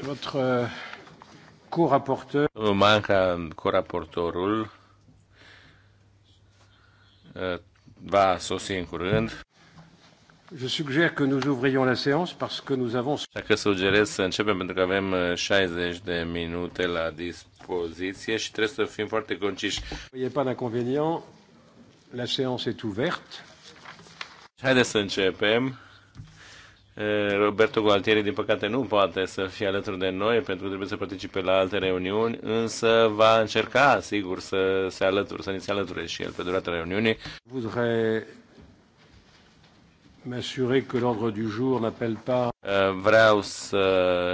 Votre euh, co-raportor. Manca co-raportorul. Uh, va sosi în curând. Je suggère que nous ouvrions la séance parce que nous avons... Dacă sugerez să începem pentru că avem 60 uh, de minute la dispoziție și trebuie să fim foarte conciși. Nu pas d'inconvénient. La séance est ouverte. Haideți să începem. Roberto Gualtieri, din păcate, nu poate să fie alături de noi pentru că trebuie să participe la alte reuniuni, însă va încerca, sigur, să se alăture, să ni se alăture și el pe durata reuniunii. Vreau să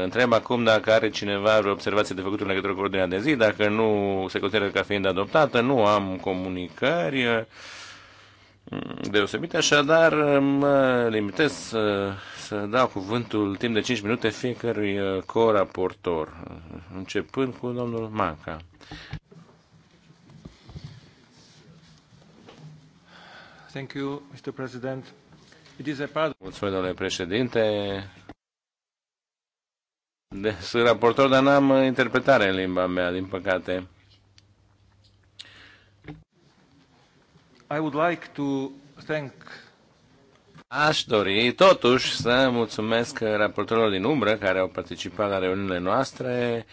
întreb acum dacă are cineva vreo observație de făcut în legătură cu ordinea de zi, dacă nu se consideră ca fiind adoptată, nu am comunicări deosebite, așadar mă limitez să să dau cuvântul timp de 5 minute fiecărui uh, coraportor, uh, începând cu domnul Manca. Thank you, Mr. President. It is a part... Mulțumesc, domnule președinte. De, sunt raportor, dar n-am interpretare în limba mea, din păcate. I would like to thank Aș dori totuși să mulțumesc raportorilor din umbră care au participat la reuniunile noastre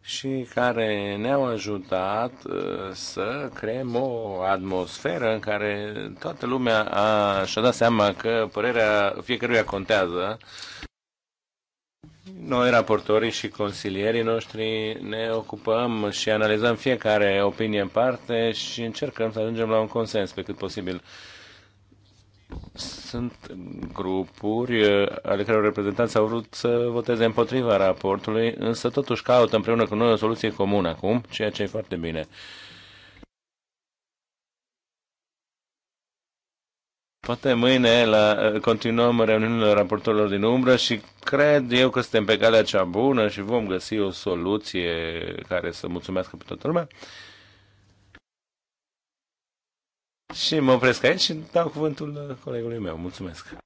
și care ne-au ajutat uh, să creăm o atmosferă în care toată lumea a, și-a dat seama că părerea fiecăruia contează. Noi, raportorii și consilierii noștri, ne ocupăm și analizăm fiecare opinie în parte și încercăm să ajungem la un consens pe cât posibil sunt grupuri eh, ale căror reprezentanți au vrut să voteze împotriva raportului, însă totuși caută împreună cu noi o soluție comună acum, ceea ce e foarte bine. Poate mâine la, eh, continuăm reuniunile raportorilor din umbră și cred eu că suntem pe calea cea bună și vom găsi o soluție care să mulțumească pe toată lumea. Și mă opresc aici și dau cuvântul uh, colegului meu. Mulțumesc.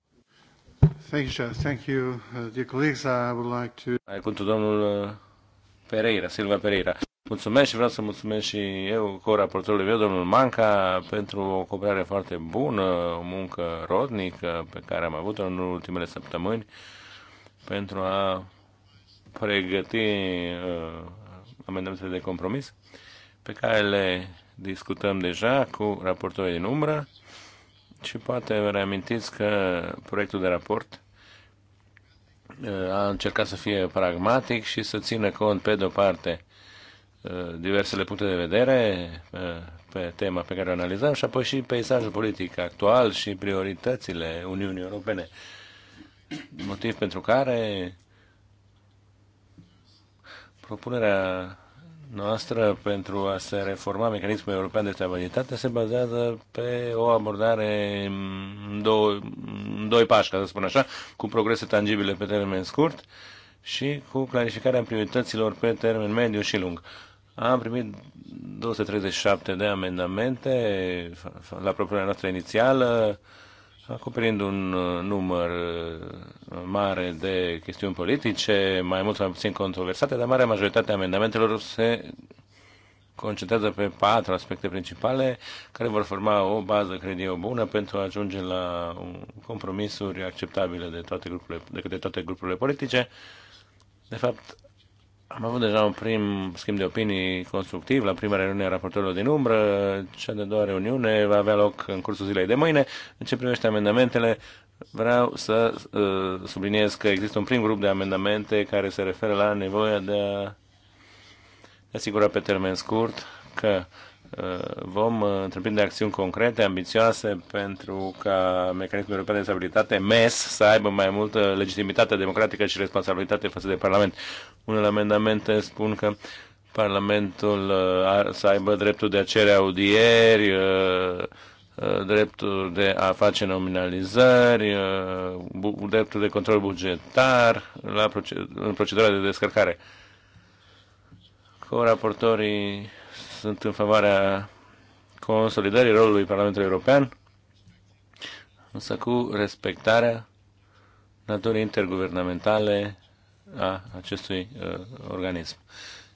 Thank you, Thank you, uh, dear colleagues. I would like to... Ai cuvântul domnul uh, Pereira, Silva Pereira. Mulțumesc și vreau să mulțumesc și eu, cu raportorului meu, domnul Manca, pentru o cooperare foarte bună, o muncă rodnică pe care am avut-o în ultimele săptămâni pentru a pregăti uh, amendamentele de compromis pe care le discutăm deja cu raportorii din umbră și poate vă reamintiți că proiectul de raport uh, a încercat să fie pragmatic și să țină cont, pe de-o parte, uh, diversele puncte de vedere uh, pe tema pe care o analizăm și apoi și peisajul politic actual și prioritățile Uniunii Europene. Motiv pentru care propunerea noastră pentru a se reforma mecanismul european de stabilitate se bazează pe o abordare în doi, doi pași, ca să spun așa, cu progrese tangibile pe termen scurt și cu clarificarea priorităților pe termen mediu și lung. Am primit 237 de amendamente la propunerea noastră inițială, acoperind un uh, număr uh, mare de chestiuni politice, mai mult sau mai puțin controversate, dar marea majoritate a amendamentelor se concentrează pe patru aspecte principale care vor forma o bază, cred eu, bună pentru a ajunge la compromisuri acceptabile de toate grupurile, de toate grupurile politice. De fapt, am avut deja un prim schimb de opinii constructiv la prima reuniune a raportorilor din umbră. Cea de doua reuniune va avea loc în cursul zilei de mâine. În ce privește amendamentele, vreau să uh, subliniez că există un prim grup de amendamente care se referă la nevoia de a asigura pe termen scurt că uh, vom uh, întreprinde acțiuni concrete, ambițioase, pentru ca mecanismul european de stabilitate, MES, să aibă mai multă legitimitate democratică și responsabilitate față de Parlament. Unele amendamente spun că Parlamentul uh, ar, să aibă dreptul de a cere audieri, uh, dreptul de a face nominalizări, dreptul de control bugetar la proced- în procedura de descărcare. co raportorii sunt în favoarea consolidării rolului Parlamentului European, însă cu respectarea naturii interguvernamentale a acestui uh, organism.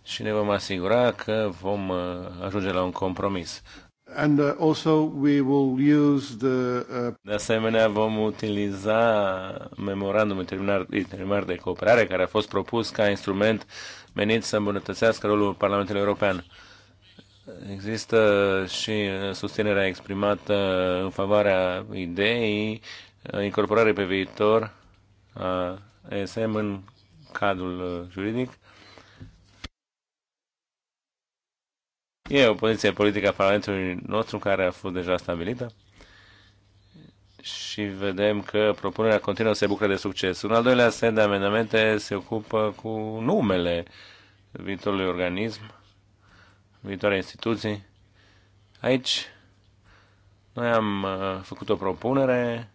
Și ne vom asigura că vom uh, ajunge la un compromis. And uh, also we will use the, uh... De asemenea, vom utiliza memorandumul interimar, interimar de cooperare care a fost propus ca instrument menit să îmbunătățească rolul Parlamentului European. Există și uh, susținerea exprimată în favoarea ideii uh, incorporare pe viitor a ESM în cadrul uh, juridic. E o poziție politică a Parlamentului nostru care a fost deja stabilită și vedem că propunerea continuă se bucură de succes. Un al doilea set de amendamente se ocupă cu numele viitorului organism viitoare instituții. Aici noi am uh, făcut o propunere,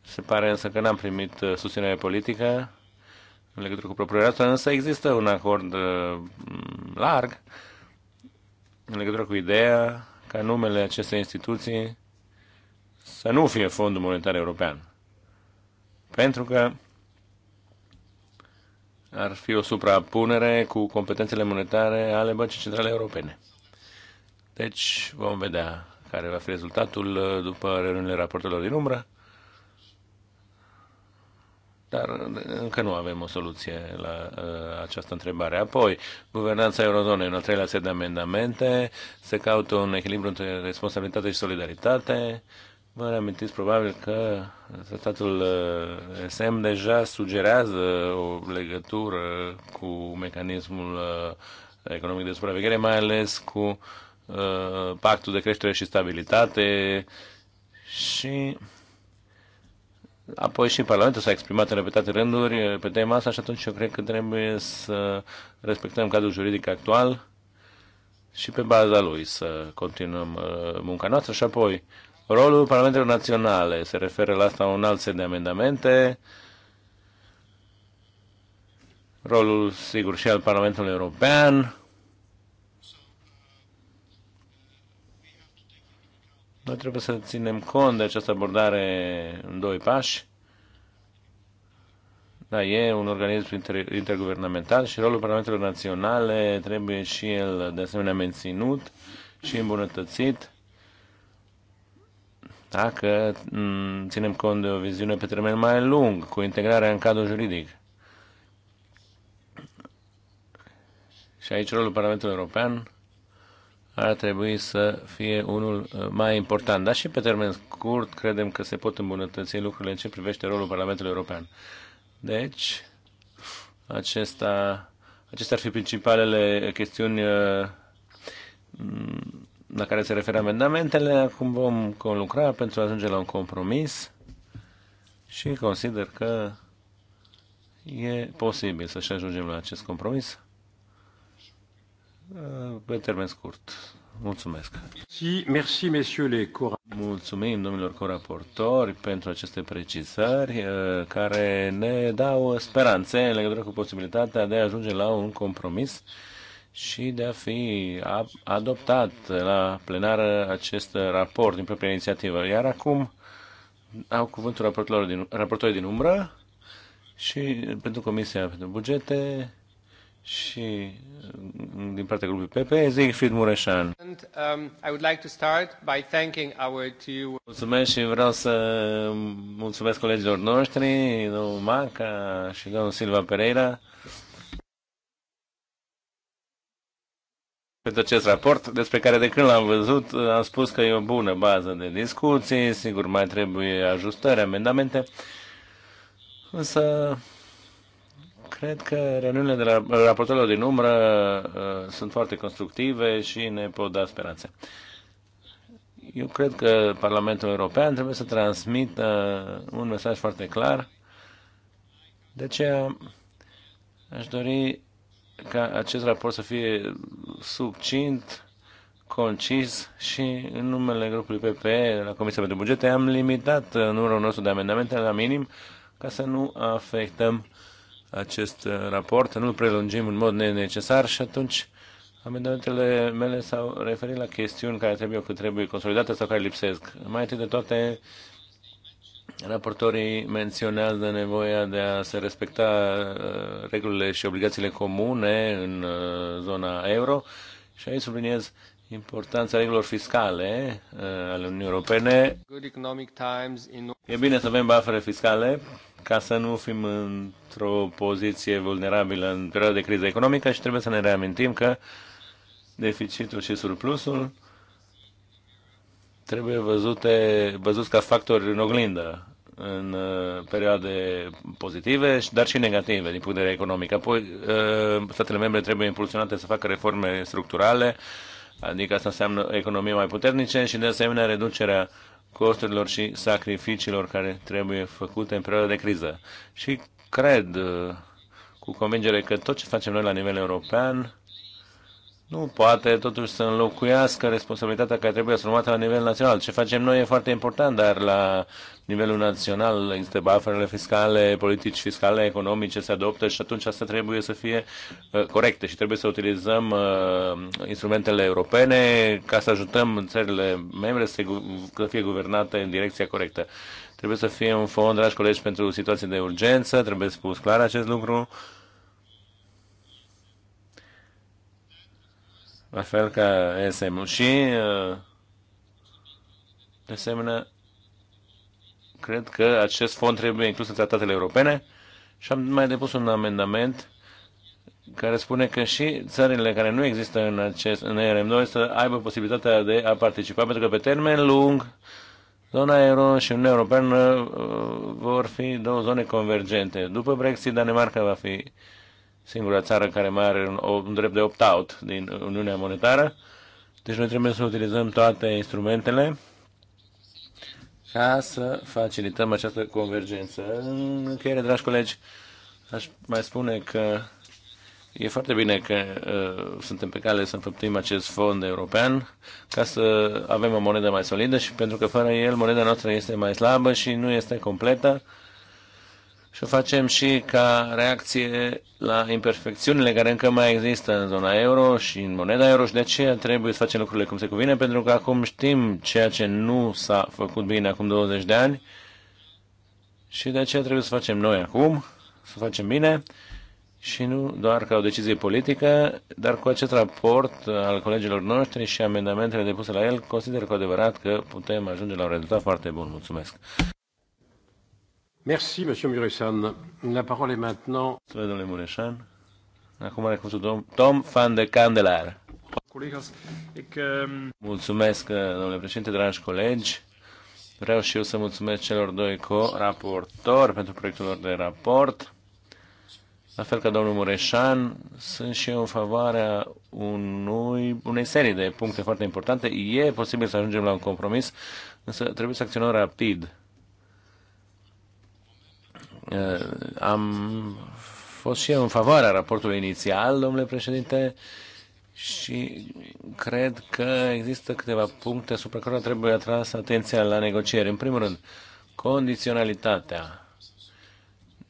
se pare însă că n-am primit uh, susținere politică în legătură cu propunerea asta, însă există un acord uh, larg în legătură cu ideea ca numele acestei instituții să nu fie Fondul Monetar European. Pentru că ar fi o suprapunere cu competențele monetare ale Băncii Centrale Europene. Deci vom vedea care va fi rezultatul uh, după reuniunile raportelor din umbră. Dar uh, încă nu avem o soluție la uh, această întrebare. Apoi, guvernanța eurozonei, în al treilea set de amendamente, se caută un echilibru între responsabilitate și solidaritate. Uh, Vă reamintiți probabil că tratatul uh, SM deja sugerează o legătură cu mecanismul uh, economic de supraveghere, mai ales cu uh, pactul de creștere și stabilitate și apoi și Parlamentul s-a exprimat în repetate rânduri pe tema asta și atunci eu cred că trebuie să respectăm cadrul juridic actual și pe baza lui să continuăm munca noastră și apoi Rolul Parlamentelor Naționale se referă la asta un alt set de amendamente. Rolul, sigur, și al Parlamentului European. Noi trebuie să ținem cont de această abordare în doi pași. Da, e un organism inter, interguvernamental și rolul Parlamentelor Naționale trebuie și el de asemenea menținut și îmbunătățit dacă mm, ținem cont de o viziune pe termen mai lung, cu integrarea în cadrul juridic. Și aici rolul Parlamentului European ar trebui să fie unul uh, mai important. Dar și pe termen scurt credem că se pot îmbunătăți lucrurile în ce privește rolul Parlamentului European. Deci, acesta, acestea ar fi principalele chestiuni uh, la care se referă amendamentele. Acum vom lucra pentru a ajunge la un compromis și consider că e posibil să-și ajungem la acest compromis uh, pe termen scurt. Mulțumesc. Merci, Mulțumim domnilor coraportori pentru aceste precizări uh, care ne dau speranțe în legătură cu posibilitatea de a ajunge la un compromis și de a fi adoptat la plenară acest raport din propria inițiativă. Iar acum au cuvântul raportorii din, raportorii din umbră și pentru Comisia pentru Bugete și mm, din partea grupului PP, Siegfried Mureșan. Um, mulțumesc și vreau să mulțumesc colegilor noștri, domnul Manca și domnul Silva Pereira, pentru acest raport, despre care de când l-am văzut, am spus că e o bună bază de discuții, sigur mai trebuie ajustări, amendamente, însă cred că reuniunile de la raportelor din umbră uh, sunt foarte constructive și ne pot da speranțe. Eu cred că Parlamentul European trebuie să transmită uh, un mesaj foarte clar. De aceea aș dori ca acest raport să fie subțint, concis și în numele grupului PPE la Comisia pentru Bugete am limitat uh, numărul nostru de amendamente la minim ca să nu afectăm acest uh, raport, nu prelungim în mod necesar și atunci amendamentele mele s-au referit la chestiuni care trebuie, că trebuie consolidate sau care lipsesc. Mai întâi de toate, Raportorii menționează nevoia de a se respecta uh, regulile și obligațiile comune în uh, zona euro și aici subliniez importanța regulilor fiscale uh, ale Uniunii Europene. E bine să avem bafere fiscale ca să nu fim într-o poziție vulnerabilă în perioada de criză economică și trebuie să ne reamintim că deficitul și surplusul trebuie văzute, văzut ca factori în oglindă în uh, perioade pozitive, dar și negative din punct de vedere economic. Apoi, uh, statele membre trebuie impulsionate să facă reforme structurale, adică asta înseamnă economie mai puternice și, de asemenea, reducerea costurilor și sacrificiilor care trebuie făcute în perioada de criză. Și cred uh, cu convingere că tot ce facem noi la nivel european nu poate totuși să înlocuiască responsabilitatea care trebuie asumată la nivel național. Ce facem noi e foarte important, dar la nivelul național există bufferele fiscale, politici fiscale, economice se adoptă și atunci asta trebuie să fie uh, corecte și trebuie să utilizăm uh, instrumentele europene ca să ajutăm țările membre să, să fie guvernate în direcția corectă. Trebuie să fie un fond, dragi colegi, pentru situații de urgență, trebuie spus clar acest lucru. Uh, la fel ca SM-ul. Și, uh, de asemenea, cred că acest fond trebuie inclus în tratatele europene și am mai depus un amendament care spune că și țările care nu există în, acest, în ERM2 să aibă posibilitatea de a participa, pentru că pe termen lung zona euro și Uniunea Europeană uh, vor fi două zone convergente. După Brexit, Danemarca va fi singura țară care mai are un, un drept de opt-out din Uniunea Monetară. Deci noi trebuie să utilizăm toate instrumentele ca să facilităm această convergență. În încheiere, dragi colegi, aș mai spune că e foarte bine că uh, suntem pe cale să înfăptuim acest fond european ca să avem o monedă mai solidă și pentru că fără el moneda noastră este mai slabă și nu este completă. Uh, și o facem și ca reacție la imperfecțiunile care încă mai există în zona euro și în moneda euro și de aceea trebuie să facem lucrurile cum se cuvine, pentru că acum știm ceea ce nu s-a făcut bine acum 20 de ani și de aceea trebuie să facem noi acum, să facem bine și nu doar ca o decizie politică, dar cu acest raport al colegilor noștri și amendamentele depuse la el, consider cu adevărat că putem ajunge la un rezultat foarte bun. Mulțumesc! Merci, Monsieur La parole est maintenant... Domnule Acum are cuvântul Tom de Candelar. Ehm, mulțumesc, eh, domnule președinte, dragi colegi. Vreau și eu să mulțumesc celor doi co-raportori pentru proiectul lor de raport. La fel ca domnul Mureșan, sunt și eu în favoarea unui, unei serii de puncte foarte importante. E posibil să ajungem la un compromis, însă trebuie să acționăm rapid Eh, am fost și eu în favoarea raportului inițial, domnule președinte, și cred că există câteva puncte asupra care trebuie atras atenția la negocieri. În primul rând, condiționalitatea.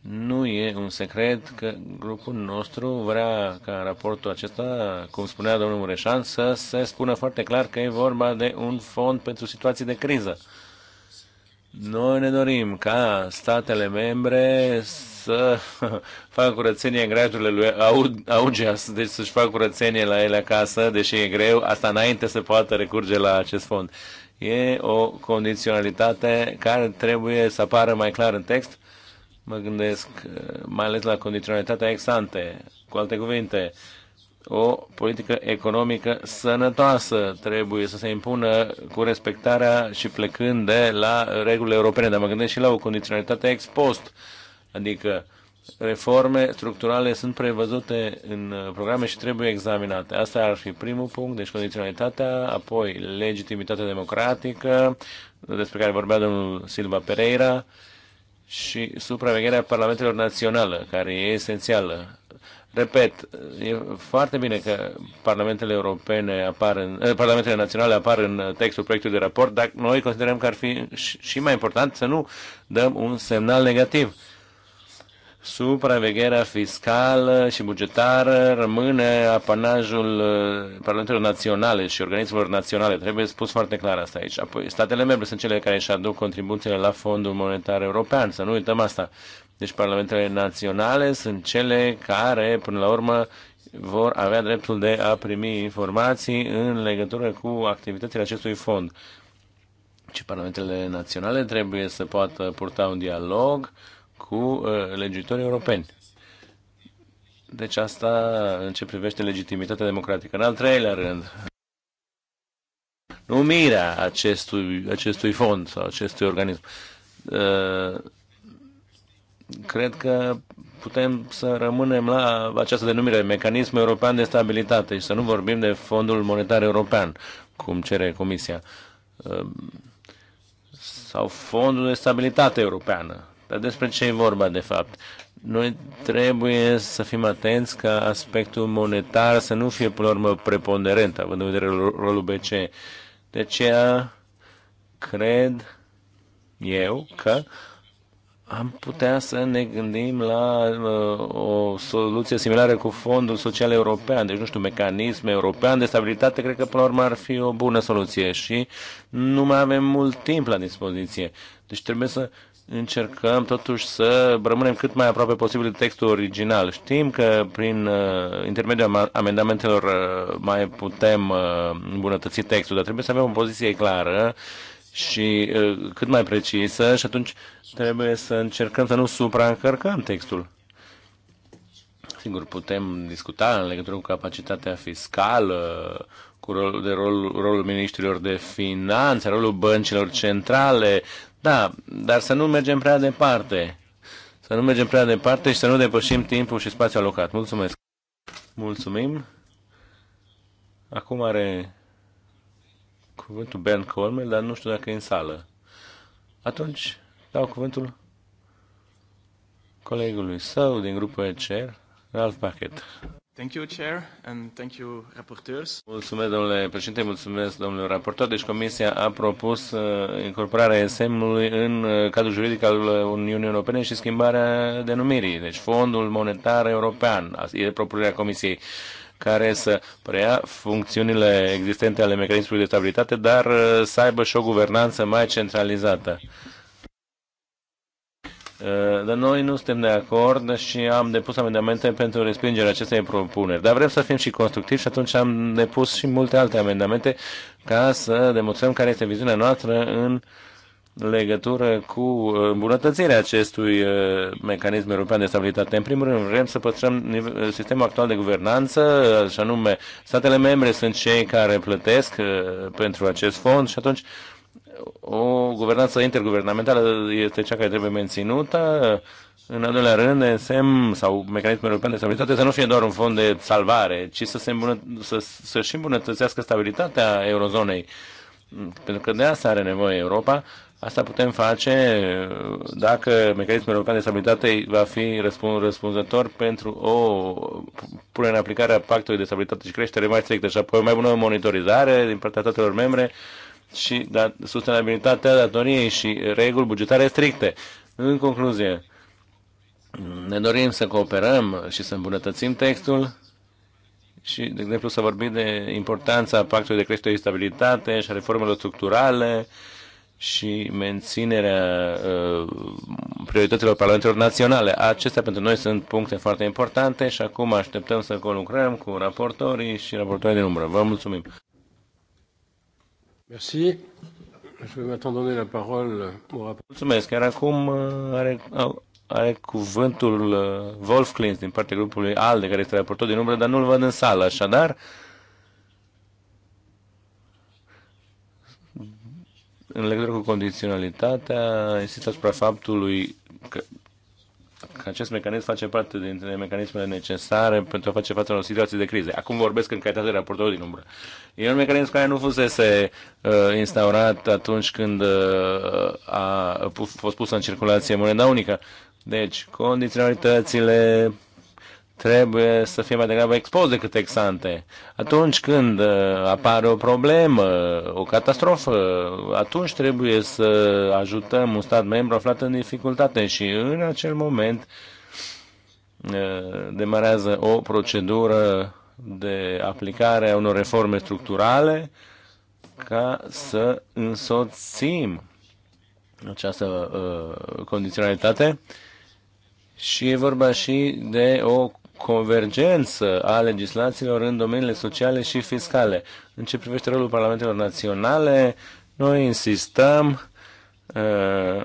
Nu e un secret că grupul nostru vrea ca raportul acesta, cum spunea domnul Mureșan, să se spună foarte clar că e vorba de un fond pentru situații de criză. Noi ne dorim ca statele membre să facă curățenie în grajurile lui Augeas, deci să-și facă curățenie la ele acasă, deși e greu, asta înainte să poată recurge la acest fond. E o condiționalitate care trebuie să apară mai clar în text. Mă gândesc eh, mai ales la condiționalitatea ex ante. Cu alte cuvinte, uh, o politică economică sănătoasă trebuie să se impună cu respectarea și plecând de la regulile europene, dar mă gândesc și la o condiționalitate ex post, adică reforme structurale sunt prevăzute în programe și trebuie examinate. Asta ar fi primul punct, deci condiționalitatea, apoi legitimitatea democratică, despre care vorbea domnul Silva Pereira, și supravegherea parlamentelor naționale, care e esențială Repet, e foarte bine că parlamentele europene apar în, eh, parlamentele naționale apar în textul proiectului de raport, dar noi considerăm că ar fi și mai important să nu dăm un semnal negativ. Supravegherea fiscală și bugetară rămâne apanajul eh, parlamentelor naționale și organismelor naționale. Trebuie spus foarte clar asta aici. Apoi, statele membre sunt cele care își aduc contribuțiile la Fondul Monetar European, să nu uităm asta. Deci parlamentele naționale sunt cele care, până la urmă, vor avea dreptul de a primi informații în legătură cu activitățile acestui fond. Și deci parlamentele naționale trebuie să poată purta un dialog cu uh, legitorii europeni. Deci asta în ce privește legitimitatea democratică. În al treilea rând, numirea acestui, acestui fond sau acestui organism. Uh, cred că putem să rămânem la această denumire, mecanism european de stabilitate și să nu vorbim de fondul monetar european, cum cere Comisia, uh, sau fondul de stabilitate europeană. Dar despre ce e vorba, de fapt? Noi trebuie să fim atenți ca aspectul monetar să nu fie, până la urmă, preponderent, având în vedere rolul BC. De aceea, cred eu că uh, am putea să ne gândim la uh, o soluție similară cu Fondul Social European, deci, nu știu, mecanism european de stabilitate, cred că, până la urmă, ar fi o bună soluție și nu mai avem mult timp la dispoziție. Deci trebuie să încercăm totuși să rămânem cât mai aproape posibil de textul original. Știm că prin uh, intermediul amendamentelor uh, mai putem uh, îmbunătăți textul, dar trebuie să avem o poziție clară și cât mai precisă și atunci trebuie să încercăm să nu supraîncărcăm textul. Sigur, putem discuta în legătură cu capacitatea fiscală, cu rolul, de rol, rolul ministrilor de finanțe, rolul băncilor centrale, da, dar să nu mergem prea departe. Să nu mergem prea departe și să nu depășim timpul și spațiul alocat. Mulțumesc! Mulțumim! Acum are cuvântul Ben Colmer, dar nu știu dacă e în sală. Atunci dau cuvântul colegului său din grupul ECR, Ralph Packet. Thank you, Chair, and thank you, reporters. Mulțumesc, domnule președinte, mulțumesc, domnule raportor. Deci Comisia a propus uh, incorporarea SM-ului în uh, cadrul juridic al uh, Uniunii Europene și schimbarea denumirii. Deci Fondul Monetar European, e propunerea Comisiei care să preia funcțiunile existente ale mecanismului de stabilitate, dar uh, să aibă și o guvernanță mai centralizată. Uh, dar noi nu suntem de acord și am depus amendamente pentru respingerea acestei propuneri. Dar vrem să fim și constructivi și atunci am depus și multe alte amendamente ca să demonstrăm care este viziunea noastră în uh, legătură cu uh, îmbunătățirea acestui uh, mecanism european de stabilitate. În primul rând, vrem să păstrăm uh, sistemul actual de guvernanță, și anume, statele membre sunt cei care plătesc pentru acest fond și atunci o guvernanță interguvernamentală este cea care trebuie menținută. În al doilea rând, SEM sau mecanismul european de stabilitate să nu fie doar un fond de salvare, ci să, se îmbunăt- să, să și îmbunătățească stabilitatea eurozonei. Pentru că de asta are nevoie Europa Asta putem face dacă mecanismul european de stabilitate va fi răspund, răspunzător pentru o punere în aplicare a pactului de stabilitate și creștere mai strictă și apoi mai bună monitorizare din partea statelor membre și dat, sustenabilitatea datoriei și reguli bugetare stricte. În concluzie, ne dorim să cooperăm și să îmbunătățim textul și, de exemplu, să vorbim de importanța pactului de creștere și stabilitate și a reformelor structurale, și menținerea uh, priorităților parlamentelor naționale. Acestea pentru noi sunt puncte foarte importante și acum așteptăm să colucrăm cu raportorii și raportorii de umbră. Vă mulțumim! Merci. Je vais maintenant donner la parole au rapport. Mulțumesc. Iar acum uh, are, are cuvântul uh, Wolf Klins din partea grupului ALDE, care este raportor din umbră, dar nu-l văd în sală. Așadar, în legătură cu condiționalitatea, insist asupra faptului că, că acest mecanism face parte dintre mecanismele necesare pentru a face față unor situații de crize. Acum vorbesc în calitate de raportor din umbră. E un mecanism care nu fusese uh, instaurat atunci când uh, a, a fost pusă în circulație moneda unică. Deci, condiționalitățile, trebuie să fie mai degrabă expus decât exante. Atunci când uh, apare o problemă, o catastrofă, atunci trebuie să ajutăm un stat membru aflat în dificultate și în acel moment uh, demarează o procedură de aplicare a unor reforme structurale ca să însoțim această uh, condiționalitate și e vorba și de o convergență a legislațiilor în domeniile sociale și fiscale. În ce privește rolul parlamentelor naționale, noi insistăm uh,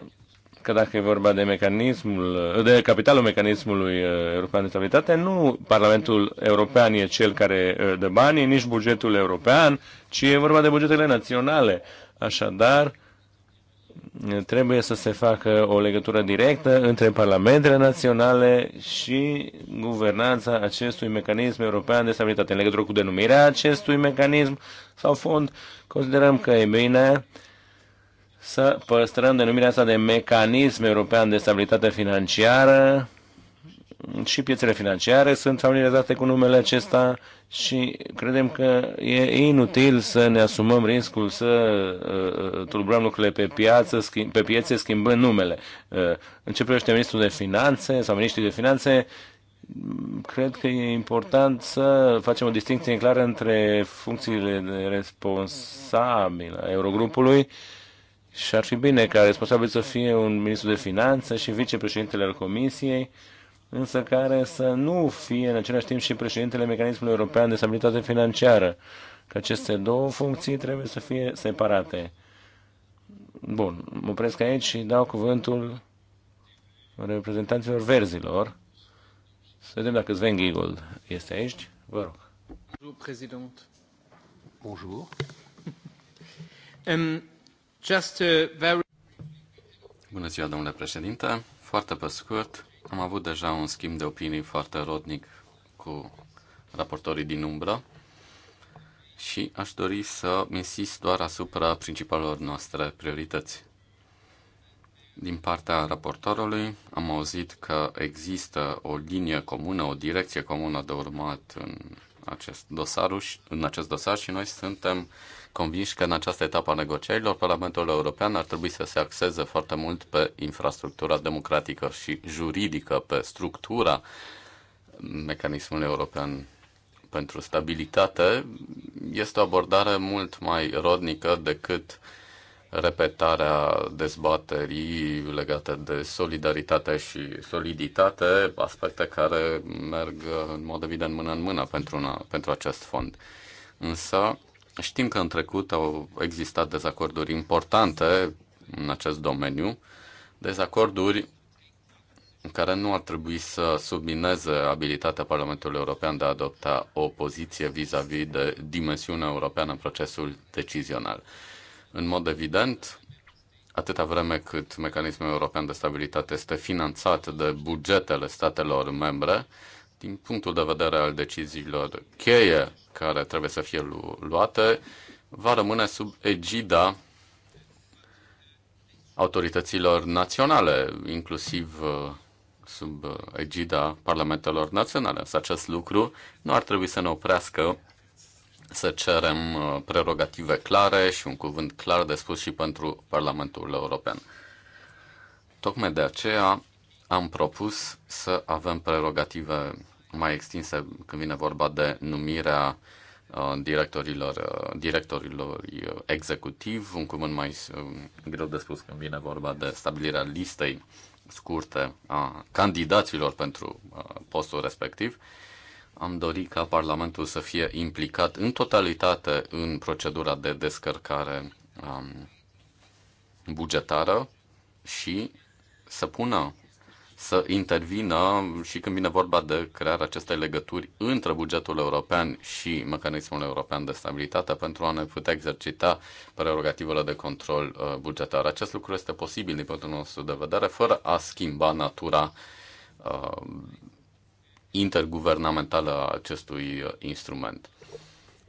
că dacă e vorba de mecanismul, uh, de capitalul mecanismului uh, european de stabilitate, nu Parlamentul European e cel care dă banii, nici bugetul european, ci e vorba de bugetele naționale. Așadar, trebuie să se facă o legătură directă între parlamentele naționale și guvernanța acestui mecanism european de stabilitate. În legătură cu denumirea acestui mecanism sau fond, considerăm că e bine să păstrăm denumirea asta de mecanism european de stabilitate financiară și piețele financiare sunt familiarizate cu numele acesta și credem că e inutil să ne asumăm riscul să uh, uh tulburăm lucrurile pe, piață, pe piețe schimbând numele. Uh, în ce privește ministrul de finanțe sau ministrii de finanțe, cred că e important să facem o distinție clară între funcțiile de responsabil a Eurogrupului și ar fi bine ca responsabil să fie un ministru de finanțe și vicepreședintele al Comisiei însă care să nu fie în același timp și președintele Mecanismului European de Stabilitate Financiară, că aceste două funcții trebuie să fie separate. Bun, mă opresc aici și dau cuvântul reprezentanților verzilor. Să vedem dacă Sven Giegold este aici. Vă rog. Bonjour, président. Bonjour. um, just a very... Bună ziua, domnule președinte. Foarte pe scurt, am avut deja un schimb de opinii foarte rodnic cu raportorii din umbră și aș dori să insist doar asupra principalelor noastre priorități. Din partea raportorului am auzit că există o linie comună, o direcție comună de urmat în acest dosar, în acest dosar și noi suntem convinși că în această etapă a negocierilor Parlamentul European ar trebui să se axeze foarte mult pe infrastructura democratică și juridică, pe structura mecanismului european pentru stabilitate. Este o abordare mult mai rodnică decât repetarea dezbaterii legate de solidaritate și soliditate, aspecte care merg în mod evident mână în mână pentru, una, pentru acest fond. Însă, Știm că în trecut au existat dezacorduri importante în acest domeniu, dezacorduri care nu ar trebui să submineze abilitatea Parlamentului European de a adopta o poziție vis-a-vis -vis de dimensiunea europeană în procesul decizional. În mod evident, atâta vreme cât mecanismul european de stabilitate este finanțat de bugetele statelor membre, din punctul de vedere al deciziilor cheie care trebuie să fie lu- luate, va rămâne sub egida autorităților naționale, inclusiv uh, sub egida parlamentelor naționale. Să acest lucru nu ar trebui să ne oprească să cerem uh, prerogative clare și un cuvânt clar de spus și pentru Parlamentul European. Tocmai de aceea am propus să avem prerogative mai extinse când vine vorba de numirea uh, directorilor, uh, directorilor uh, executiv, un cuvânt mai greu de spus când vine vorba de stabilirea listei scurte a candidaților pentru postul respectiv. Am dorit ca Parlamentul să fie implicat în totalitate în procedura de descărcare um, bugetară și să pună să intervină și când vine vorba de crearea acestei legături între bugetul european și mecanismul european de stabilitate pentru a ne putea exercita prerogativele de control uh, bugetar. Acest lucru este posibil din punctul nostru de vedere fără a schimba natura uh, interguvernamentală a acestui uh, instrument.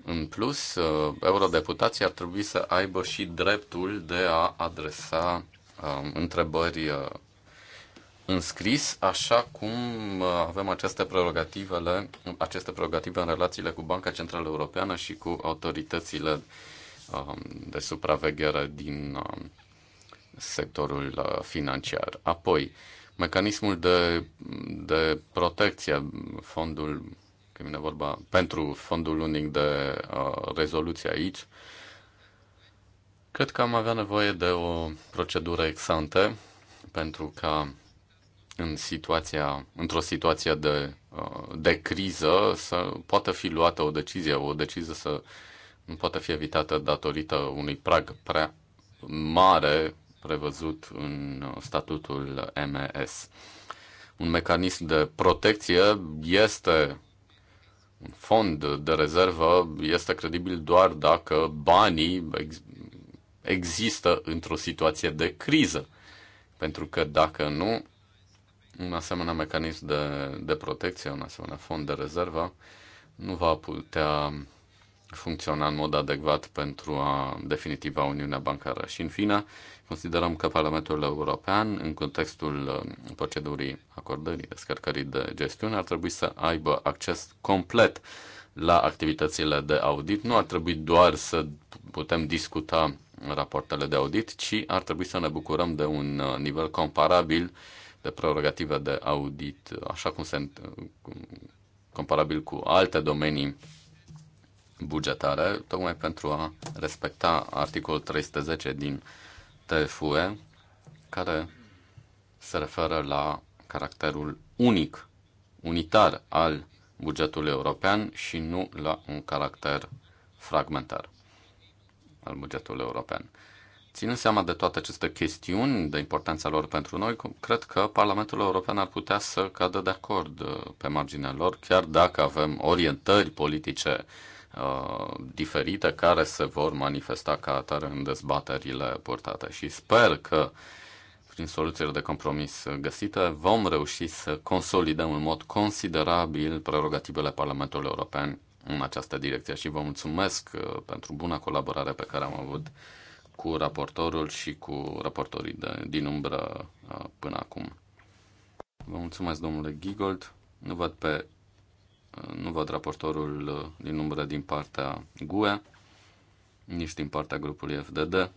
În plus, uh, eurodeputații ar trebui să aibă și dreptul de a adresa întrebări înscris, așa cum uh, avem aceste prerogativele, aceste prerogative în relațiile cu Banca Centrală Europeană și cu autoritățile um, de supraveghere din um, sectorul uh, financiar. Apoi, mecanismul de, de protecție, fondul, când vine vorba, pentru fondul unic de uh, rezoluție aici, cred că am avea nevoie de o procedură ex ante pentru ca în situația, într-o situație de, uh, de criză să poată fi luată o decizie, o decizie să nu poate fi evitată datorită unui prag prea mare prevăzut în uh, statutul MES. Un mecanism de protecție este un fond de rezervă este credibil doar dacă banii ex- există într-o situație de criză. Pentru că dacă nu, un asemenea mecanism de, de protecție, un asemenea fond de rezervă, nu va putea funcționa în mod adecvat pentru a definitiva Uniunea Bancară. Și, în fine, considerăm că Parlamentul European, în contextul uh, procedurii acordării descărcării de gestiune, ar trebui să aibă acces complet la activitățile de audit. Nu ar trebui doar să putem discuta rapoartele de audit, ci ar trebui să ne bucurăm de un uh, nivel comparabil uh, de prerogative de audit, așa cum se comparabil cu alte domenii bugetare, tocmai pentru a respecta articolul 310 din TFUE, care se referă la caracterul unic, unitar al bugetului european și nu la un caracter fragmentar al bugetului european. Ținând seama de toate aceste chestiuni, de importanța lor pentru noi, cred că Parlamentul European ar putea să cadă de acord uh, pe marginea lor, chiar dacă avem orientări politice uh, diferite care se vor manifesta ca atare în dezbaterile portate. Și sper că prin soluțiile de compromis găsite, vom reuși să consolidăm în mod considerabil prerogativele Parlamentului European în această direcție și vă mulțumesc uh, pentru buna colaborare pe care am avut cu raportorul și cu raportorii de, din umbră uh, până acum. Vă mulțumesc, domnule Gigold. Nu văd pe uh, nu văd raportorul uh, din umbră din partea GUE, nici din partea grupului FDD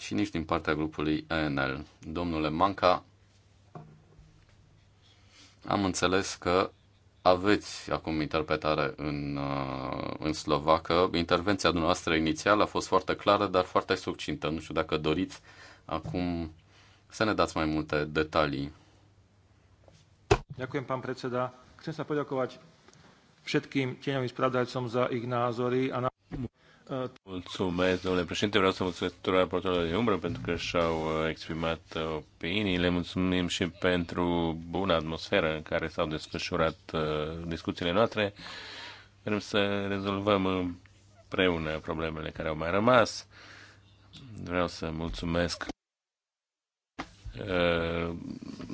și nici din partea grupului ANL. Domnule Manca, am înțeles că aveți acum interpretare în, uh, în slovacă. Intervenția dumneavoastră inițială a fost foarte clară, dar foarte succintă. Nu știu dacă doriți acum să ne dați mai multe detalii. Ďakujem, pán predseda. Chcem sa poďakovať všetkým tieňovým spravodajcom za ich názory. A na... Mulțumesc, domnule președinte. Vreau să mulțumesc tuturor raportorilor de umbră pentru că și-au uh, exprimat opiniile. Mulțumim și pentru buna atmosferă în care s-au desfășurat uh, discuțiile noastre. Vrem să rezolvăm împreună problemele care au mai rămas. Vreau să mulțumesc Uh,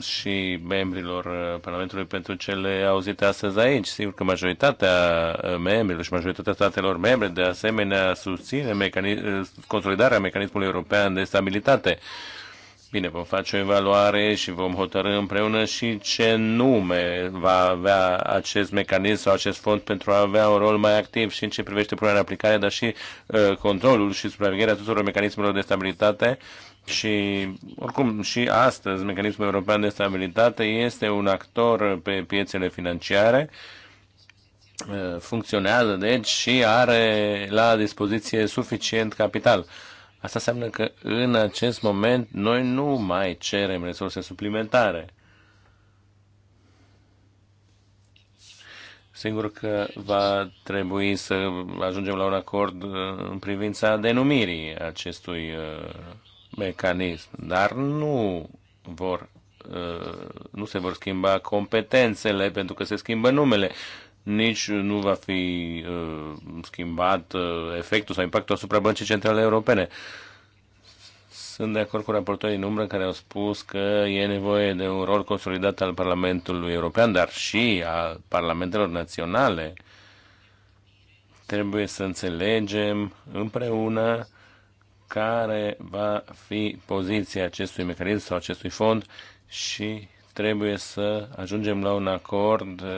și membrilor uh, Parlamentului pentru cele auzite astăzi aici. Sigur că majoritatea uh, membrilor și majoritatea statelor membre de asemenea susține mecanism, consolidarea mecanismului european de stabilitate. Bine, vom face o evaluare și vom hotărâ împreună și ce nume va avea acest mecanism sau acest fond pentru a avea un rol mai activ și în ce privește punerea în aplicare, dar și uh, controlul și supravegherea tuturor mecanismelor de stabilitate uh, și, oricum, și astăzi, mecanismul european de stabilitate este un actor pe piețele financiare, uh, funcționează, deci, și are la dispoziție suficient capital. Asta înseamnă că în acest moment noi nu mai cerem resurse suplimentare. Singur că va trebui să ajungem la un acord uh, în privința denumirii acestui uh, mecanism, dar nu vor uh, nu se vor schimba competențele pentru că se schimbă numele. Nici nu va fi uh, schimbat uh, efectul sau impactul asupra Băncii Centrale Europene. Sunt de acord cu raportorii în umbră care au spus că e nevoie de un rol consolidat al Parlamentului European, dar și al Parlamentelor Naționale. Trebuie să înțelegem împreună care va fi poziția acestui mecanism sau acestui fond și trebuie să ajungem la un acord uh,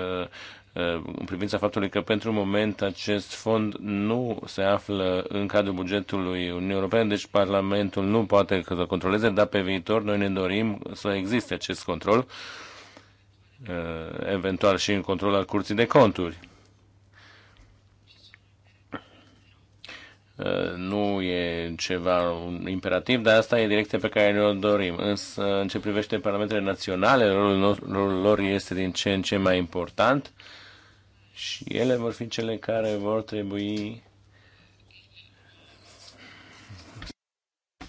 uh, în privința faptului că pentru moment acest fond nu se află în cadrul bugetului Uniunii Europene, deci Parlamentul nu poate să controleze, dar pe viitor noi ne dorim să existe acest control, uh, eventual și în control al Curții de Conturi. nu e ceva un imperativ, dar asta e direcția pe care ne-o dorim. Însă, în ce privește parlamentele naționale, rolul, rolul lor este din ce în ce mai important și ele vor fi cele care vor trebui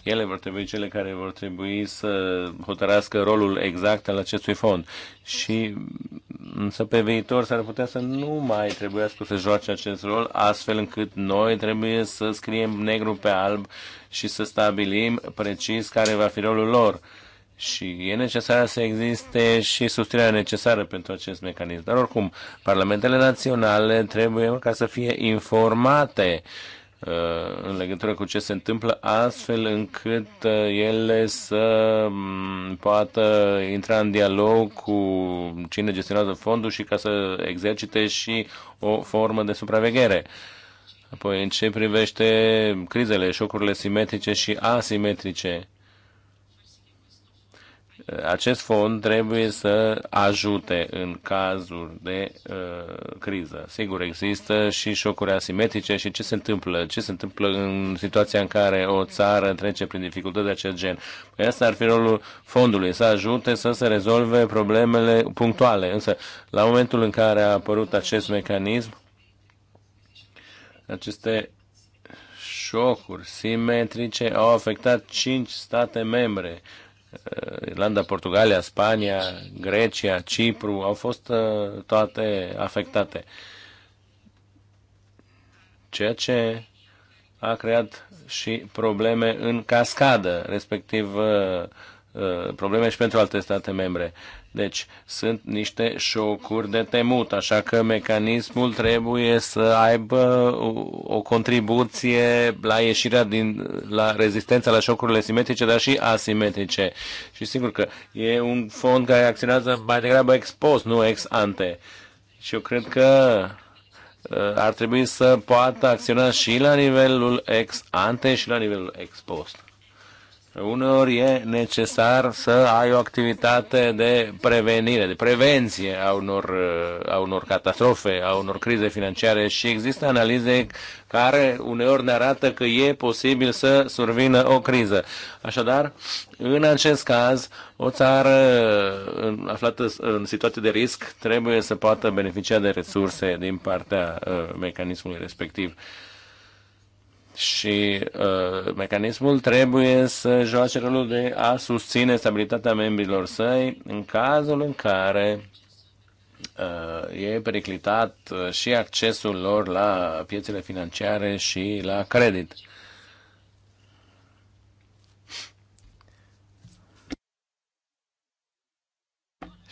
ele vor trebui cele care vor trebui să hotărească rolul exact al acestui fond. Și Însă pe viitor s-ar putea să nu mai trebuiască să joace acest rol, astfel încât noi trebuie să scriem negru pe alb și să stabilim precis care va fi rolul lor. Și e necesară să existe și susținerea necesară pentru acest mecanism. Dar oricum, parlamentele naționale trebuie ca să fie informate uh, Uh, în legătură cu ce se întâmplă, astfel încât uh, ele să mm, poată intra în dialog cu cine gestionează fondul și ca să exercite și o formă de supraveghere. Apoi, în ce privește crizele, șocurile simetrice și asimetrice, acest fond trebuie să ajute în cazuri de uh, criză. Sigur, există și șocuri asimetrice și ce se întâmplă? Ce se întâmplă în situația în care o țară trece prin dificultăți de acest gen? Păi asta ar fi rolul fondului, să ajute să se rezolve problemele punctuale. Însă, la momentul în care a apărut acest mecanism, aceste șocuri simetrice au afectat cinci state membre Eh, Irlanda, Portugalia, Spania, Grecia, Cipru, au fost eh, toate afectate. Ceea ce a creat și probleme în cascadă, respectiv eh, probleme și pentru alte state membre. Deci sunt niște șocuri de temut, așa că mecanismul trebuie să aibă o contribuție la ieșirea din la rezistența la șocurile simetrice, dar și asimetrice. Și sigur că e un fond care acționează mai degrabă post, nu ex ante. Și eu cred că uh, ar trebui să poată acționa și la nivelul ex ante și la nivelul ex post. Uneori e necesar să ai o activitate de prevenire, de prevenție a unor, a unor catastrofe, a unor crize financiare și există analize care uneori ne arată că e posibil să survină o criză. Așadar, în acest caz, o țară aflată în situație de risc trebuie să poată beneficia de resurse din partea uh, mecanismului respectiv și uh, mecanismul trebuie să joace rolul de a susține stabilitatea membrilor săi în cazul în care uh, e periclitat uh, și accesul lor la piețele financiare și la credit.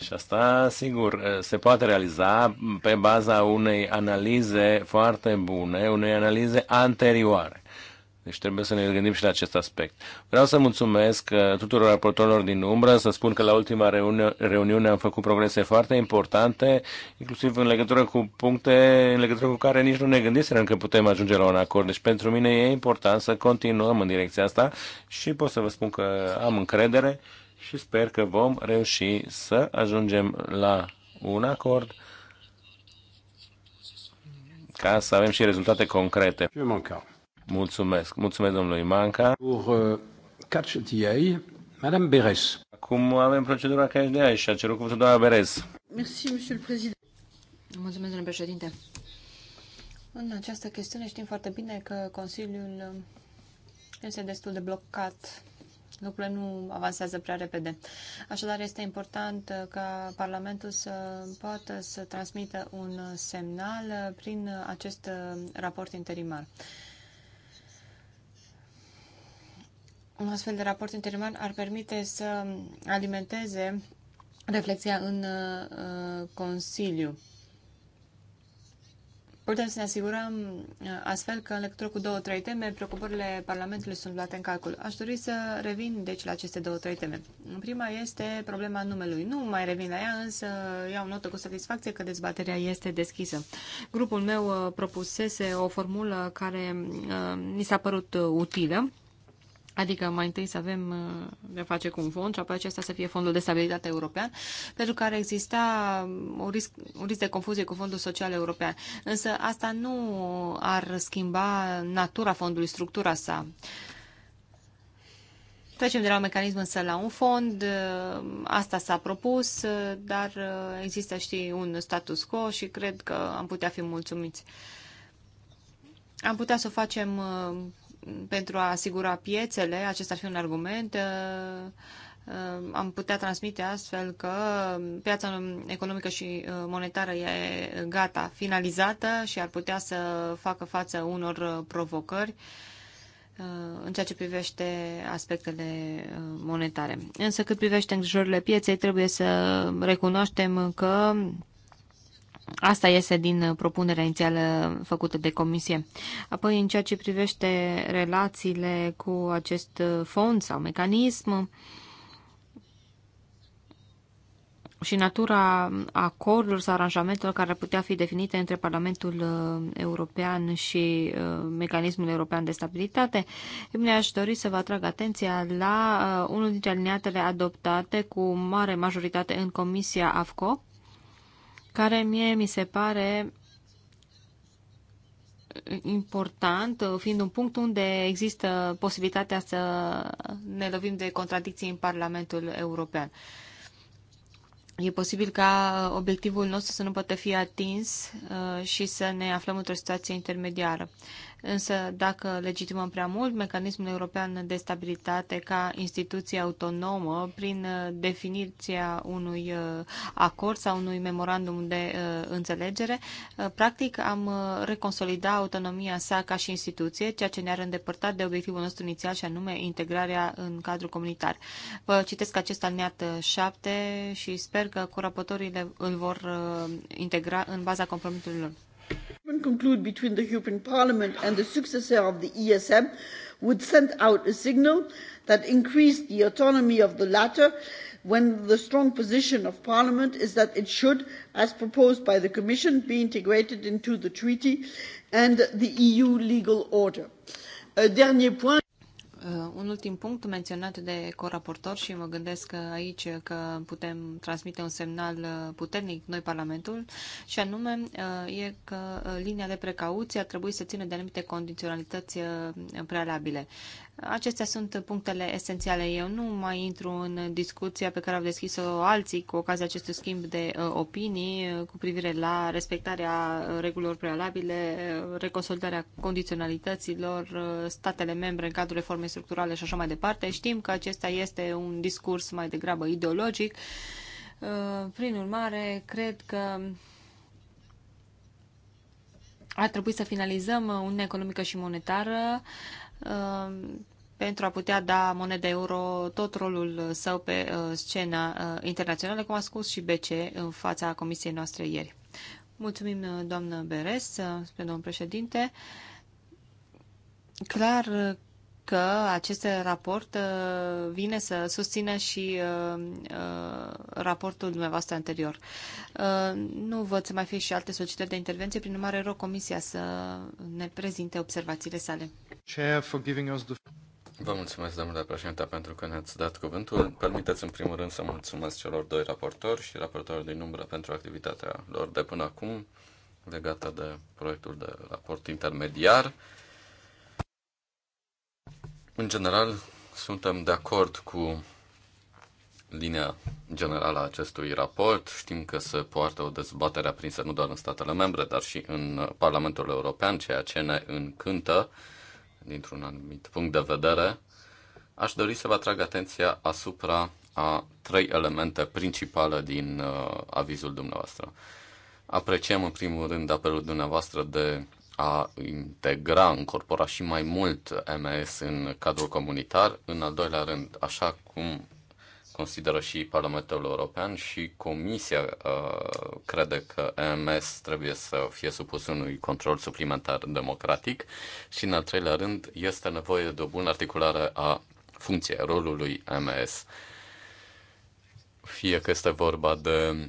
Și asta, sigur, eh, se poate realiza pe baza unei analize foarte bune, unei analize anterioare. Deci trebuie să ne gândim și la acest aspect. Vreau să mulțumesc eh, tuturor raportorilor din umbră, să spun că la ultima reuni- reuniune am făcut progrese foarte importante, inclusiv în legătură cu puncte în legătură cu care nici nu ne gândiserăm că putem ajunge la un acord. Deci pentru mine e important să continuăm în direcția asta și pot să vă spun că am încredere și sper că vom reuși să ajungem la un acord ca să avem și rezultate concrete. Mulțumesc. Mulțumesc domnului Manca. Uh, Madame Beres. Acum avem procedura ca de aici și a cerut cuvântul doamna Beres. monsieur le président. Mulțumesc, domnule președinte. În această chestiune știm foarte bine că Consiliul este destul de blocat lucrurile nu avansează prea repede. Așadar, este important uh, ca Parlamentul să poată să transmită un semnal uh, prin acest uh, raport interimar. Un astfel de raport interimar ar permite să alimenteze reflexia în Consiliu. Putem să ne asigurăm uh, astfel că în legătură cu două, trei teme, preocupările Parlamentului sunt luate în calcul. Aș dori să revin, deci, la aceste două, trei teme. Prima este problema numelui. Nu mai revin la ea, însă iau notă cu satisfacție că dezbaterea este deschisă. Grupul meu uh, propusese o formulă care mi uh, s-a părut utilă Adică mai întâi să avem uh, de face cu un fond și apoi acesta să fie fondul de stabilitate european, pentru care exista um, un risc, un risc de confuzie cu fondul social european. Însă asta nu ar schimba natura fondului, structura sa. Trecem de la un mecanism însă la un fond, uh, asta s-a propus, uh, dar există, știi, un status quo și cred că am putea fi mulțumiți. Am putea să o facem pentru a asigura piețele, acesta ar fi un argument, uh, uh, am putea transmite astfel că piața economică și uh, monetară e gata, finalizată și ar putea să facă față unor provocări în ceea ce privește aspectele monetare. Însă cât privește îngrijorările pieței, trebuie să recunoaștem că Asta iese din uh, propunerea inițială făcută de comisie. Apoi, în ceea ce privește relațiile cu acest uh, fond sau mecanism și natura acordurilor sau aranjamentelor care ar putea fi definite între Parlamentul uh, European și Mecanismul European de Stabilitate, îmi aș dori să vă atrag atenția la unul dintre aliniatele adoptate cu mare majoritate în Comisia AFCO, care mie mi se pare important, fiind un punct unde există posibilitatea să ne lovim de contradicții în Parlamentul European. E posibil ca obiectivul nostru să nu poată fi atins uh, și să ne aflăm într-o situație intermediară. Însă, dacă legitimăm prea mult mecanismul european de stabilitate ca instituție autonomă, prin uh, definiția unui uh, acord sau unui memorandum de uh, înțelegere, practic am reconsolida autonomia sa ca și instituție, ceea ce ne-ar îndepărta de obiectivul nostru inițial și anume integrarea în cadrul comunitar. Vă citesc acest alineat 7 și sper că corapătorile îl vor integra în baza lor conclude between the European Parliament and the successor of the ESM would send out a signal that increased the autonomy of the latter when the strong position of Parliament is that it should, as proposed by the Commission, be integrated into the treaty and the EU legal order. A dernier point. Uh, un ultim punct menționat de coraportor și mă gândesc aici că putem transmite un semnal uh, puternic noi Parlamentul și anume uh, e că linia de precauție ar trebui să țină de anumite condiționalități prealabile. Acestea sunt punctele esențiale. Eu nu mai intru în discuția pe care au deschis-o alții cu ocazia acestui schimb de opinii cu privire la respectarea regulilor prealabile, reconsolidarea condiționalităților, statele membre în cadrul reformei structurale și așa mai departe. Știm că acesta este un discurs mai degrabă ideologic. Uh, prin urmare, cred că ar trebui să finalizăm Uniunea Economică și Monetară uh, pentru a putea da moneda euro tot rolul său pe uh, scena internațională, cum a spus și BC în fața comisiei noastre ieri. Mulțumim, doamnă Beres, spre domnul președinte. Clar că acest raport uh, vine să susțină și uh, uh, raportul dumneavoastră anterior. Nu văd să mai fie și alte solicitări de intervenție, prin urmare rog Comisia să ne prezinte observațiile sale. Vă mulțumesc, domnule președinte, pentru că ne-ați dat cuvântul. Permiteți, în primul rând, să mulțumesc celor doi raportori și raportorul din umbră pentru activitatea lor de până acum legată de proiectul de raport intermediar. În general, suntem de acord cu linia generală a acestui raport. Știm că se poartă o dezbatere aprinsă nu doar în statele membre, dar și în Parlamentul European, ceea ce ne încântă dintr-un anumit punct de vedere. Aș dori să vă atrag atenția asupra a trei elemente principale din uh, avizul dumneavoastră. Apreciem în primul rând apelul dumneavoastră de a integra, încorpora și mai mult MS în cadrul comunitar. În al doilea rând, așa cum consideră și Parlamentul European și Comisia uh, crede că EMS trebuie să fie supus unui control suplimentar democratic și, în al treilea rând, este nevoie de o bună articulare a funcției, rolului EMS. Fie că este vorba de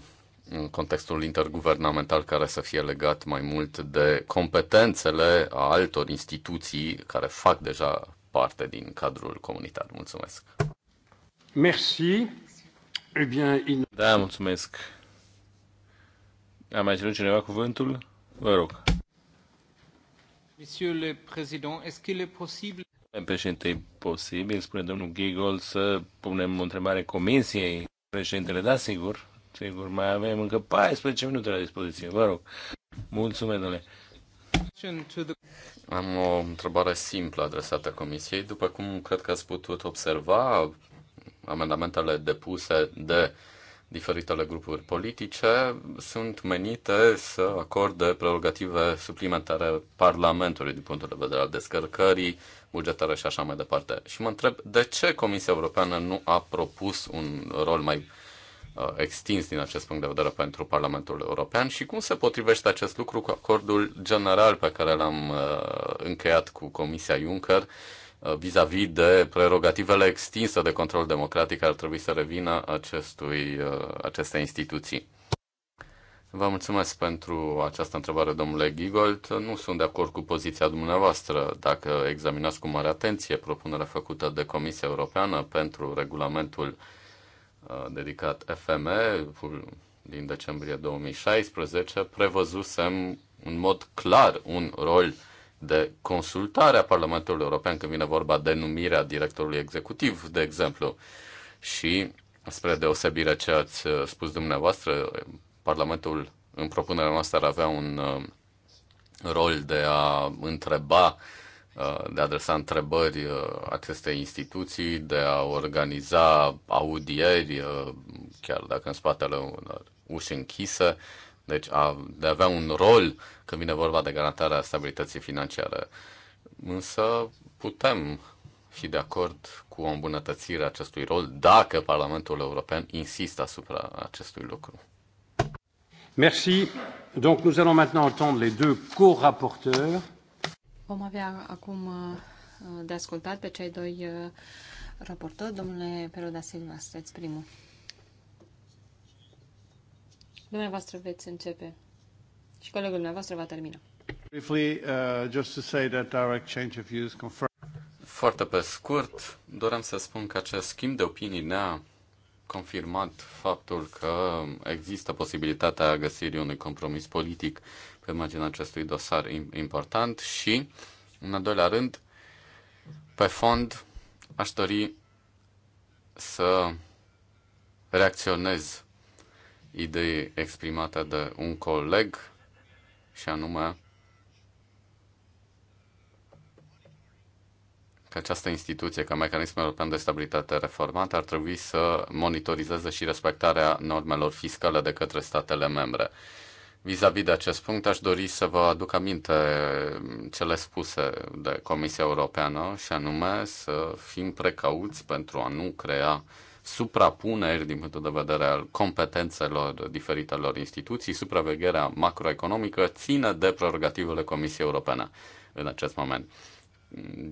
în contextul interguvernamental care să fie legat mai mult de competențele a altor instituții care fac deja parte din cadrul comunitar. Mulțumesc! Merci. Eh da, mulțumesc. A mai ținut cineva cuvântul? Vă rog. Monsieur le Président, est-ce qu'il est posible... Președinte, e posibil, spune domnul Giegold să punem o întrebare comisiei. Președintele, da, sigur, Sigur, mai avem încă 14 minute la dispoziție. Vă rog. Mulțumesc, domnule. Am o întrebare simplă adresată Comisiei. După cum cred că ați putut observa, amendamentele depuse de diferitele grupuri politice sunt menite să acorde prerogative suplimentare Parlamentului din punctul de vedere al descărcării bugetare și așa mai departe. Și mă întreb de ce Comisia Europeană nu a propus un rol mai Uh, extins din acest punct de vedere pentru Parlamentul European și cum se potrivește acest lucru cu acordul general pe care l-am uh, încheiat cu Comisia Juncker uh, vis-a-vis -vis de prerogativele extinse de control democratic care ar trebui să revină acestui, acestei instituții. Vă mulțumesc pentru această întrebare, domnule Gigold. Nu sunt de acord cu poziția dumneavoastră. Dacă examinați cu mare atenție propunerea făcută de Comisia Europeană pentru regulamentul Uh, dedicat FME din decembrie 2016, prevăzusem în mod clar un rol de consultare a Parlamentului European când vine vorba de numirea directorului executiv, de exemplu. Și, spre deosebire ce ați uh, spus dumneavoastră, Parlamentul, în propunerea noastră, ar avea un uh, rol de a întreba uh, Uh, de a adresa întrebări uh, acestei instituții, de a organiza audieri, uh, chiar dacă în spatele unor uși închise, deci a, de a avea un rol când vine vorba de garantarea stabilității financiare. Însă putem fi de acord cu o îmbunătățire a acestui rol dacă Parlamentul European insistă asupra acestui lucru. Merci. Donc nous allons maintenant entendre les deux co-rapporteurs. Vom avea acum uh, de ascultat pe cei doi uh, raportori. Domnule Peroda Silva, sunteți primul. Dumneavoastră veți începe și colegul dumneavoastră va termina. Briefly, uh, just to say that our exchange of views confirmed. Foarte pe scurt, doream să spun că acest schimb de opinii ne-a confirmat faptul că există posibilitatea găsirii unui compromis politic pe marginea acestui dosar important și, în al doilea rând, pe fond, aș dori să reacționez idei exprimate de un coleg și anume că această instituție, ca Mecanismul European de Stabilitate Reformată, ar trebui să monitorizeze și respectarea normelor fiscale de către statele membre. Vis-a-vis -vis de acest punct, aș dori să vă aduc aminte cele spuse de Comisia Europeană, și anume să fim precauți pentru a nu crea suprapuneri din punctul de vedere al competențelor diferitelor instituții. Supravegherea macroeconomică ține de prerogativele Comisiei Europene în acest moment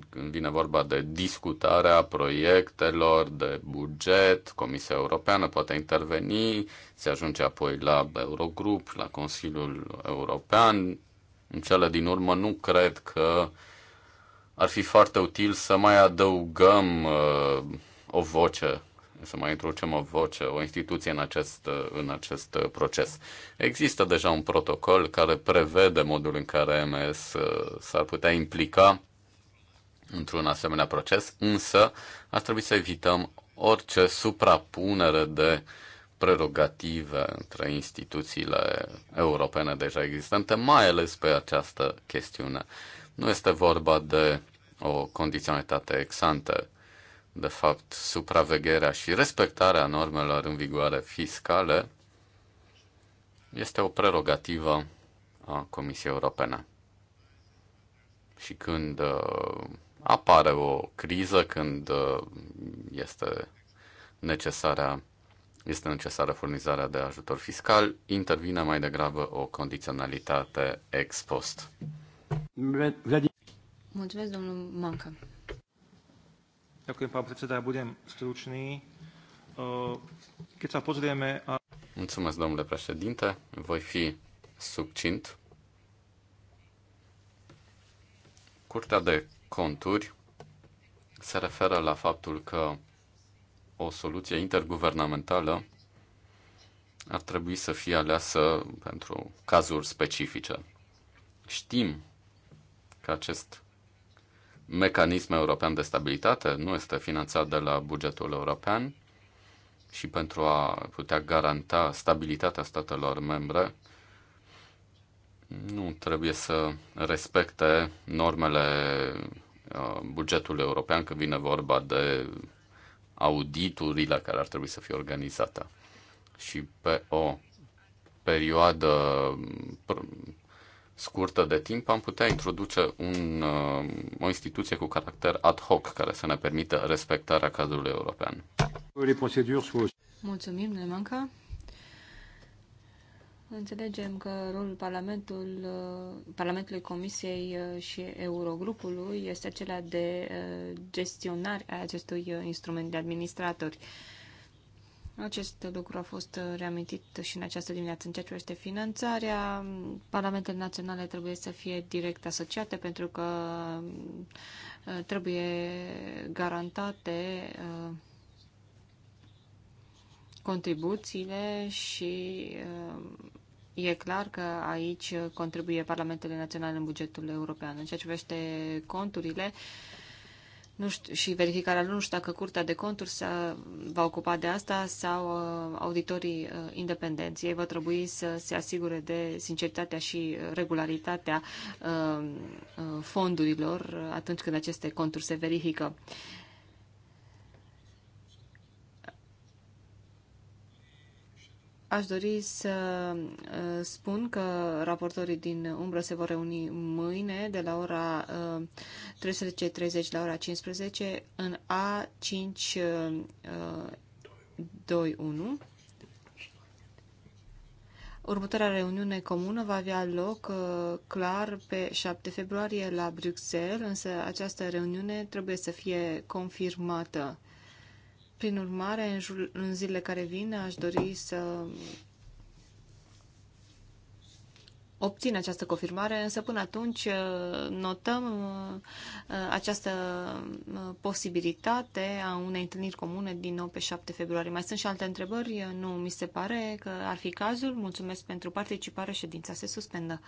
când vine vorba de discutarea proiectelor, de buget, Comisia Europeană poate interveni, se ajunge apoi la Eurogrup, la Consiliul European. În cele din urmă nu cred că ar fi foarte util să mai adăugăm uh, o voce, să mai introducem o voce, o instituție în acest, uh, în acest uh, proces. Există deja un protocol care prevede modul în care MS uh, s-ar putea implica într-un asemenea proces, însă ar trebui să evităm orice suprapunere de prerogative între instituțiile europene deja existente, mai ales pe această chestiune. Nu este vorba de o condiționalitate exantă. De fapt, supravegherea și respectarea normelor în vigoare fiscale este o prerogativă a Comisiei Europene. Și când uh, apare o criză, când uh, este necesară, este necesară furnizarea de ajutor fiscal, intervine mai degrabă o condiționalitate ex post. Mulțumesc, domnul Manca. Uh, a... Mulțumesc, domnule președinte. Voi fi succint. Curtea de conturi se referă la faptul că o soluție interguvernamentală ar trebui să fie aleasă pentru cazuri specifice. Știm că acest mecanism european de stabilitate nu este finanțat de la bugetul european și pentru a putea garanta stabilitatea statelor membre, nu trebuie să respecte normele uh, bugetului european când vine vorba de auditurile care ar trebui să fie organizate. Și pe o perioadă scurtă de timp am putea introduce un, uh, o instituție cu caracter ad hoc care să ne permită respectarea cadrului european. Mulțumim, Nemanca. Înțelegem că rolul Parlamentul, uh, Parlamentului Comisiei uh, și Eurogrupului este acela de uh, gestionare a acestui instrument de administratori. Acest lucru a fost reamintit și în această dimineață. În ceea ce privește finanțarea, parlamentele naționale trebuie să fie direct asociate pentru că trebuie garantate contribuțiile și uh, e clar că aici contribuie Parlamentele Naționale în bugetul european. În ceea ce privește conturile, nu știu, și verificarea lor, nu știu dacă Curtea de Conturi se va ocupa de asta sau uh, auditorii uh, independenți. Ei va trebui să se asigure de sinceritatea și regularitatea fondurilor atunci când aceste conturi se verifică. Aș dori să uh, spun că raportorii din umbră se vor reuni mâine de la ora 13.30 uh, la ora 15 în A521. Uh, Următoarea reuniune comună va avea loc clar pe 7 februarie la Bruxelles, însă această reuniune trebuie să fie confirmată. Prin urmare, în, jur, în zilele care vin, aș dori să obțin această confirmare, însă până atunci uh, notăm uh, uh, această posibilitate a unei întâlniri comune din nou pe 7 februarie. Mai sunt și alte întrebări? Nu mi se pare că ar fi cazul. Mulțumesc pentru participare. Ședința se suspendă.